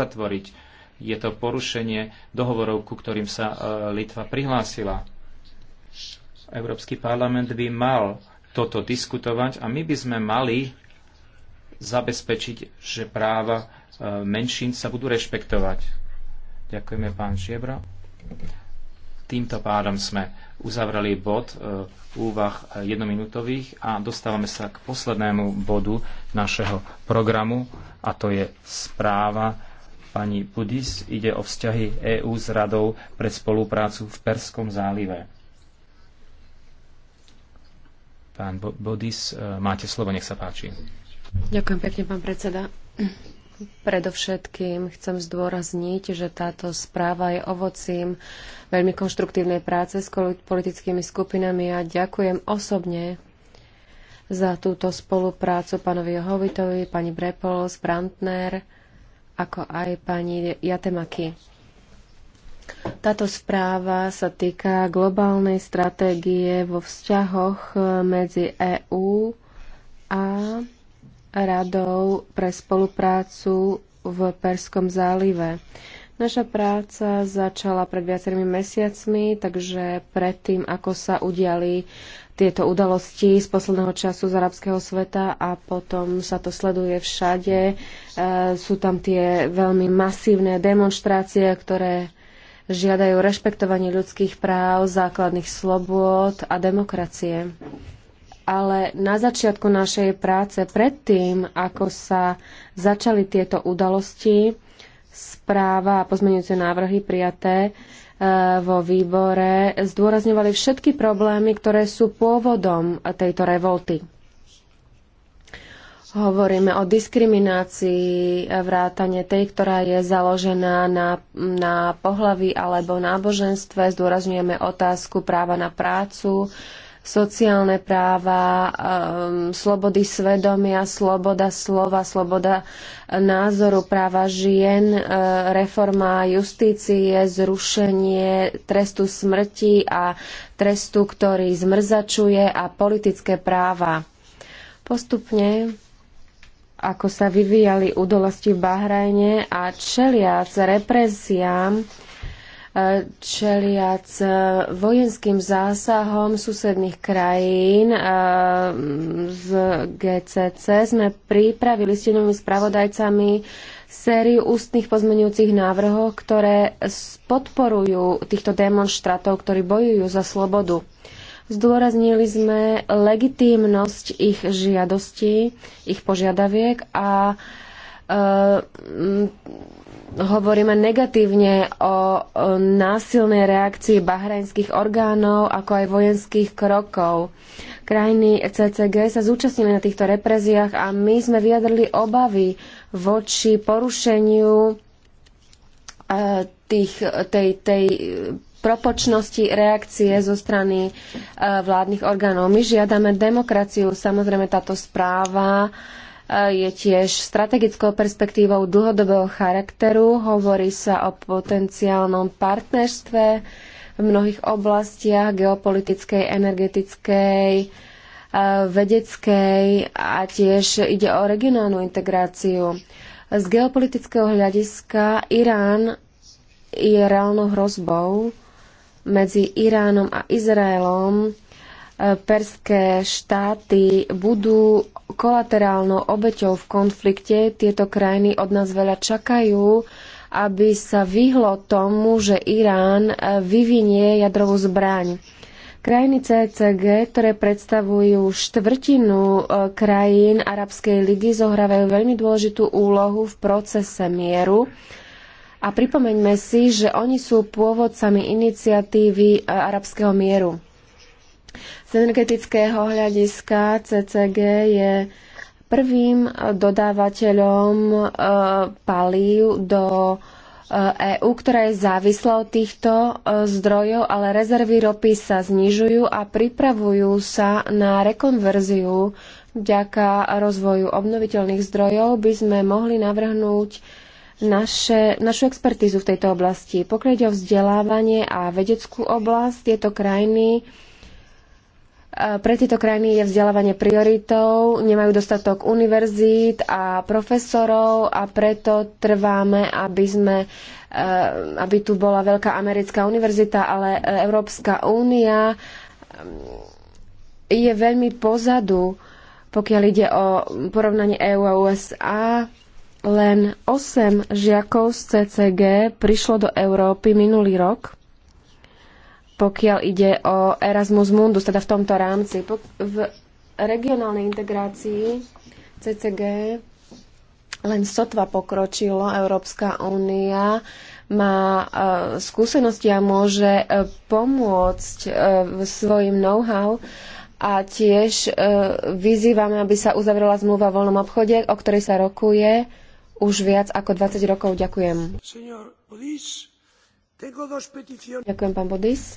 uzatvoriť. Je to porušenie dohovorov, ku ktorým sa e, Litva prihlásila. Európsky parlament by mal toto diskutovať a my by sme mali zabezpečiť, že práva e, menšín sa budú rešpektovať. Ďakujeme, pán Žiebra. Týmto pádom sme uzavrali bod e, úvah jednominútových a dostávame sa k poslednému bodu našeho programu a to je správa pani Budis ide o vzťahy EÚ s Radou pre spoluprácu v Perskom zálive. Pán Bodis, e, máte slovo, nech sa páči. Ďakujem pekne, pán predseda. Predovšetkým chcem zdôrazniť, že táto správa je ovocím veľmi konštruktívnej práce s politickými skupinami a ďakujem osobne za túto spoluprácu pánovi Hovitovi, pani Brepol, Brandner, ako aj pani Jatemaki. Táto správa sa týka globálnej stratégie vo vzťahoch e, medzi EÚ a Radou pre spoluprácu v Perskom zálive. Naša práca začala pred viacerými mesiacmi, takže predtým, ako sa udiali tieto udalosti z posledného času z arabského sveta a potom sa to sleduje všade. E, sú tam tie veľmi masívne demonstrácie, ktoré žiadajú rešpektovanie ľudských práv, základných slobôd a demokracie. Ale na začiatku našej práce, predtým, ako sa začali tieto udalosti, správa a pozmeňujúce návrhy prijaté, vo výbore zdôrazňovali všetky problémy, ktoré sú pôvodom tejto revolty. Hovoríme o diskriminácii vrátane tej, ktorá je založená na, na pohlaví alebo náboženstve. Zdôrazňujeme otázku práva na prácu, sociálne práva, um, slobody svedomia, sloboda slova, sloboda názoru, práva žien, uh, reforma justície, zrušenie trestu smrti a trestu, ktorý zmrzačuje a politické práva. Postupne ako sa vyvíjali udolosti v Bahrajne a čeliac represiám, čeliac e, vojenským zásahom susedných krajín e, z GCC sme pripravili s novými spravodajcami sériu ústnych pozmenujúcich návrhov, ktoré podporujú týchto demonstratov, ktorí bojujú za slobodu. Zdôraznili sme legitímnosť ich žiadostí, ich požiadaviek a uh, Ehm, hovoríme negatívne o násilnej reakcii bahrajnských orgánov, ako aj vojenských krokov. Krajiny e CCG sa zúčastnili na týchto repreziách a my sme vyjadrili obavy voči porušeniu e, tých, tej, tej propočnosti reakcie zo strany e, vládnych orgánov. My žiadame demokraciu. Samozrejme, táto správa je tiež strategickou perspektívou dlhodobého charakteru. Hovorí sa o potenciálnom partnerstve v mnohých oblastiach geopolitickej, energetickej, e, vedeckej a tiež ide o regionálnu integráciu. Z geopolitického hľadiska Irán je reálnou hrozbou medzi Iránom a Izraelom perské štáty budú kolaterálnou obeťou v konflikte. Tieto krajiny od nás veľa čakajú, aby sa vyhlo tomu, že Irán eh, vyvinie jadrovú zbraň. Krajiny CCG, ktoré predstavujú štvrtinu eh, krajín Arabskej ligy, zohrávajú veľmi dôležitú úlohu v procese mieru. A pripomeňme si, že oni sú pôvodcami iniciatívy eh, arabského mieru. Z energetického hľadiska CCG je prvým dodávateľom e, palív do EÚ, e ktorá je závislá od týchto e, zdrojov, ale rezervy ropy sa znižujú a pripravujú sa na rekonverziu. Vďaka rozvoju obnoviteľných zdrojov by sme mohli navrhnúť naše, našu expertízu v tejto oblasti. Pokiaľ ide o vzdelávanie a vedeckú oblasť, tieto krajiny pre tieto krajiny je vzdelávanie prioritou, nemajú dostatok univerzít a profesorov a preto trváme, aby, sme, eh, aby tu bola veľká americká univerzita, ale eh, Európska únia mm, je veľmi pozadu, pokiaľ ide o porovnanie EU a USA. Len 8 žiakov z CCG prišlo do Európy minulý rok pokiaľ ide o Erasmus Mundus, teda v tomto rámci. V regionálnej integrácii CCG len sotva pokročilo. Európska únia má e, skúsenosti a môže e, pomôcť e, svojim know-how a tiež vyzývame, aby sa uzavrela zmluva o voľnom obchode, o ktorej sa rokuje už viac ako 20 rokov. Ďakujem. Ďakujem, pán Bodis.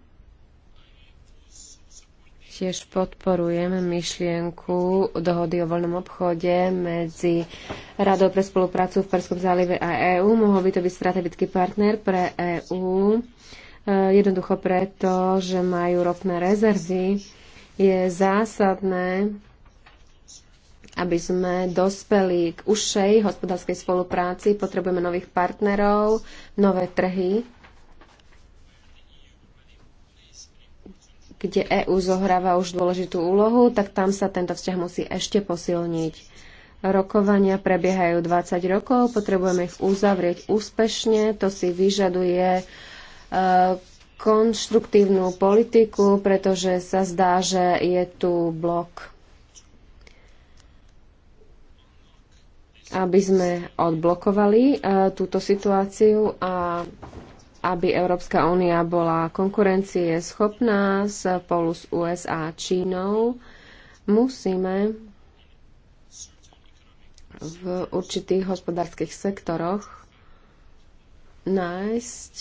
Tiež podporujem myšlienku dohody o voľnom obchode medzi Radou pre spoluprácu v Perskom zálive a EÚ. Mohol by to byť strategický partner pre EÚ. E, jednoducho preto, že majú ropné rezervy. Je zásadné, aby sme dospeli k ušej hospodárskej spolupráci. Potrebujeme nových partnerov, nové trhy kde EÚ zohráva už dôležitú úlohu, tak tam sa tento vzťah musí ešte posilniť. Rokovania prebiehajú 20 rokov, potrebujeme ich uzavrieť úspešne, to si vyžaduje e, konštruktívnu politiku, pretože sa zdá, že je tu blok. Aby sme odblokovali e, túto situáciu a aby Európska únia bola konkurencie schopná spolu s USA a Čínou, musíme v určitých hospodárskych sektoroch nájsť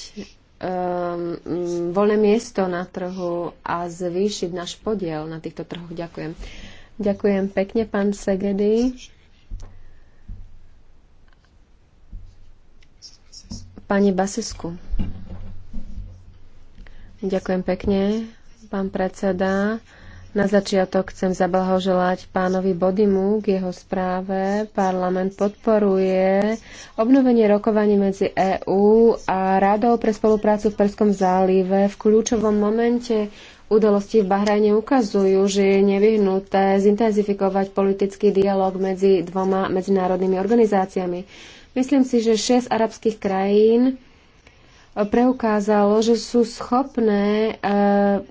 um, voľné miesto na trhu a zvýšiť náš podiel na týchto trhoch. Ďakujem. Ďakujem pekne, pán Segedy. Pani Basesku. Ďakujem pekne, pán predseda. Na začiatok chcem zablahoželať pánovi Bodimu k jeho správe. Parlament podporuje obnovenie rokovaní medzi EÚ a Radou pre spoluprácu v Perskom zálive. V kľúčovom momente udalosti v Bahrajne ukazujú, že je nevyhnuté zintenzifikovať politický dialog medzi dvoma medzinárodnými organizáciami. Myslím si, že šesť arabských krajín preukázalo, že sú schopné e,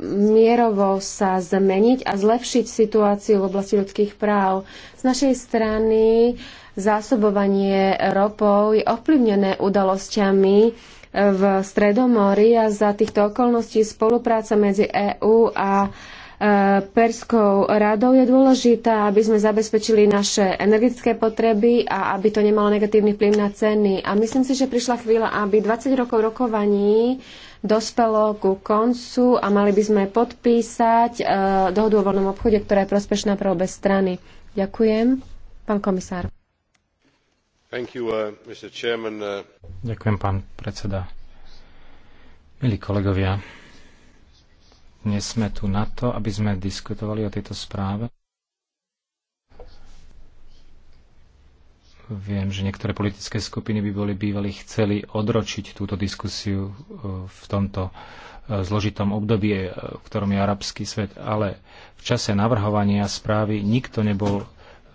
mierovo sa zmeniť a zlepšiť situáciu v oblasti ľudských práv. Z našej strany zásobovanie ropou je ovplyvnené udalosťami e, v Stredomori a za týchto okolností spolupráca medzi EÚ a Perskou radou je dôležitá, aby sme zabezpečili naše energetické potreby a aby to nemalo negatívny vplyv na ceny. A myslím si, že prišla chvíľa, aby 20 rokov rokovaní dospelo ku koncu a mali by sme podpísať e, dohodu o voľnom obchode, ktorá je prospešná pre obe strany. Ďakujem. Pán komisár. You, uh, Chairman, uh... Ďakujem, pán predseda. Milí kolegovia, dnes sme tu na to, aby sme diskutovali o tejto správe. Viem, že niektoré politické skupiny by boli bývali chceli odročiť túto diskusiu e, v tomto e, zložitom období, e, v ktorom je arabský svet, ale v čase navrhovania správy nikto nebol,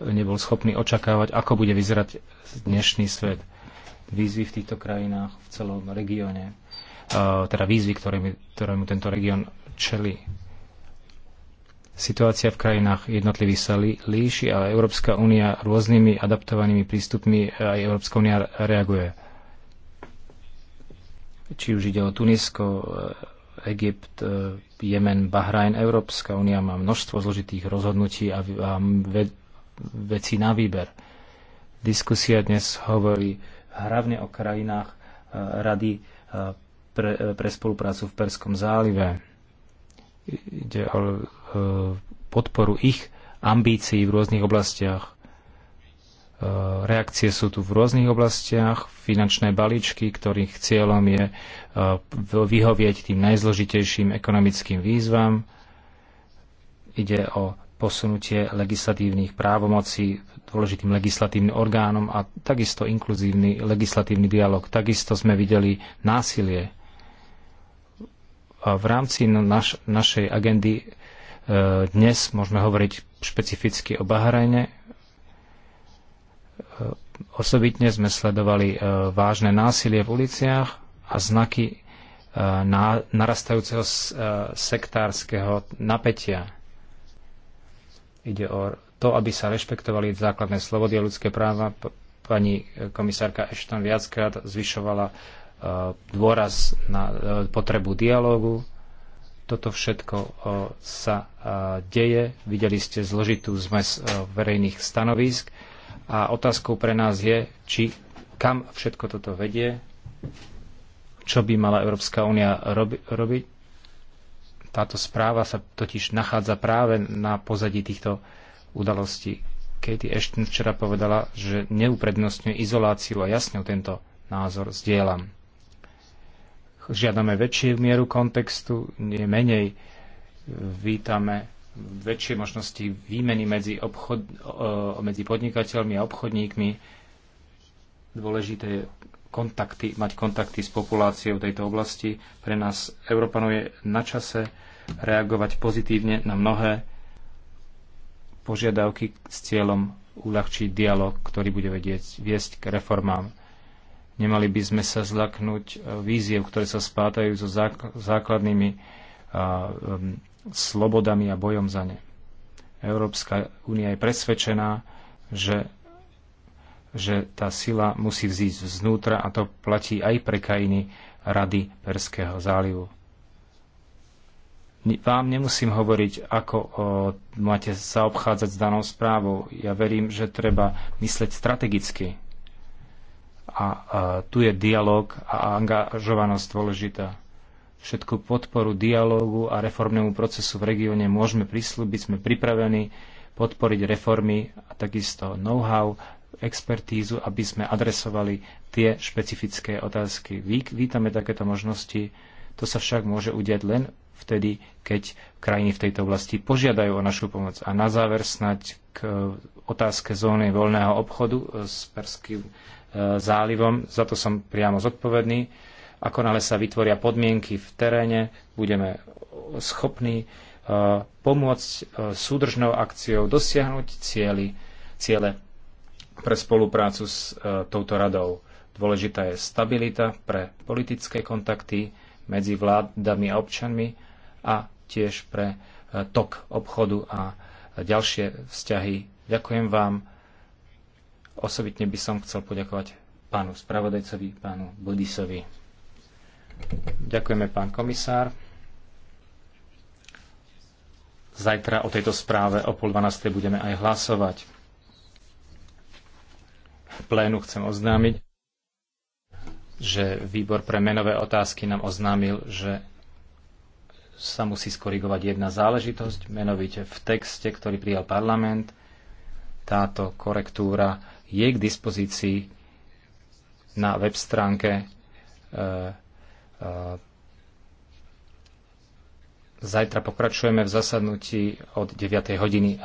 nebol schopný očakávať, ako bude vyzerať dnešný svet. Výzvy v týchto krajinách, v celom regióne, teda výzvy, ktorému, tento región čeli. Situácia v krajinách jednotlivých sa líši a Európska únia rôznymi adaptovanými prístupmi e, aj Európska únia reaguje. Či už ide o Tunisko, e, Egypt, e, Jemen, Bahrajn, Európska únia má množstvo zložitých rozhodnutí a, a ve, vecí na výber. Diskusia dnes hovorí hlavne o krajinách Rady pre, pre spoluprácu v Perskom zálive Ide o e, podporu ich ambícií v rôznych oblastiach. E, reakcie sú tu v rôznych oblastiach, finančné balíčky, ktorých cieľom je e, vyhovieť tým najzložitejším ekonomickým výzvam. Ide o posunutie legislatívnych právomocí dôležitým legislatívnym orgánom a takisto inkluzívny legislatívny dialog. Takisto sme videli násilie v rámci naš, našej agendy e, dnes môžeme hovoriť špecificky o Bahrajne. E, osobitne sme sledovali e, vážne násilie v uliciach a znaky narastajúceho sektárskeho napätia. Ide o to, aby sa rešpektovali základné slobody a ľudské práva. Pani komisárka Ashton viackrát zvyšovala E, dôraz na e, potrebu dialógu. Toto všetko e, sa deje. Videli ste zložitú zmes verejných stanovisk a otázkou pre nás je, či kam všetko toto vedie, čo by mala Európska únia robi, robiť. Táto správa sa totiž nachádza práve na pozadí týchto udalostí. Katie Ashton včera povedala, že neuprednostňuje izoláciu a jasne tento názor zdieľam. Žiadame väčšiu mieru kontextu, nie menej. Vítame väčšie možnosti výmeny medzi, obchod, medzi podnikateľmi a obchodníkmi. Dôležité je kontakty, mať kontakty s populáciou tejto oblasti. Pre nás, Európanov, je na čase reagovať pozitívne na mnohé požiadavky s cieľom uľahčiť dialog, ktorý bude vedieť, viesť k reformám. Nemali by sme sa zlaknúť e, víziev, ktoré sa spátajú so základnými slobodami a bojom za ne. Európska únia je presvedčená, že, že tá sila musí vzísť znútra a to platí aj pre krajiny Rady Perského zálivu. Vám nemusím hovoriť, ako o, máte sa obchádzať s danou správou. Ja verím, že treba mysleť strategicky a, a e, tu je dialog a angažovanosť dôležitá. Všetku podporu dialógu a reformnému procesu v regióne môžeme prislúbiť, sme pripravení podporiť reformy a takisto know-how, expertízu, aby sme adresovali tie špecifické otázky. Vítame takéto možnosti, to sa však môže udiať len vtedy, keď krajiny v tejto oblasti požiadajú o našu pomoc. A na záver snať k e, otázke zóny voľného obchodu s e, Perským zálivom, za to som priamo zodpovedný. Ako nále sa vytvoria podmienky v teréne, budeme schopní e, pomôcť e, súdržnou akciou dosiahnuť cieľi, ciele pre spoluprácu s e, touto radou. Dôležitá je stabilita pre politické kontakty medzi vládami a občanmi a tiež pre tok obchodu a ďalšie vzťahy. Ďakujem vám Osobitne by som chcel poďakovať pánu spravodajcovi, pánu Bodisovi. Ďakujeme, pán komisár. Zajtra o tejto správe o pol 12. budeme aj hlasovať. Plénu chcem oznámiť, že výbor pre menové otázky nám oznámil, že sa musí skorigovať jedna záležitosť, menovite v texte, ktorý prijal parlament. Táto korektúra je k dispozícii na web stránke e, e, Zajtra pokračujeme v zasadnutí od 9. hodiny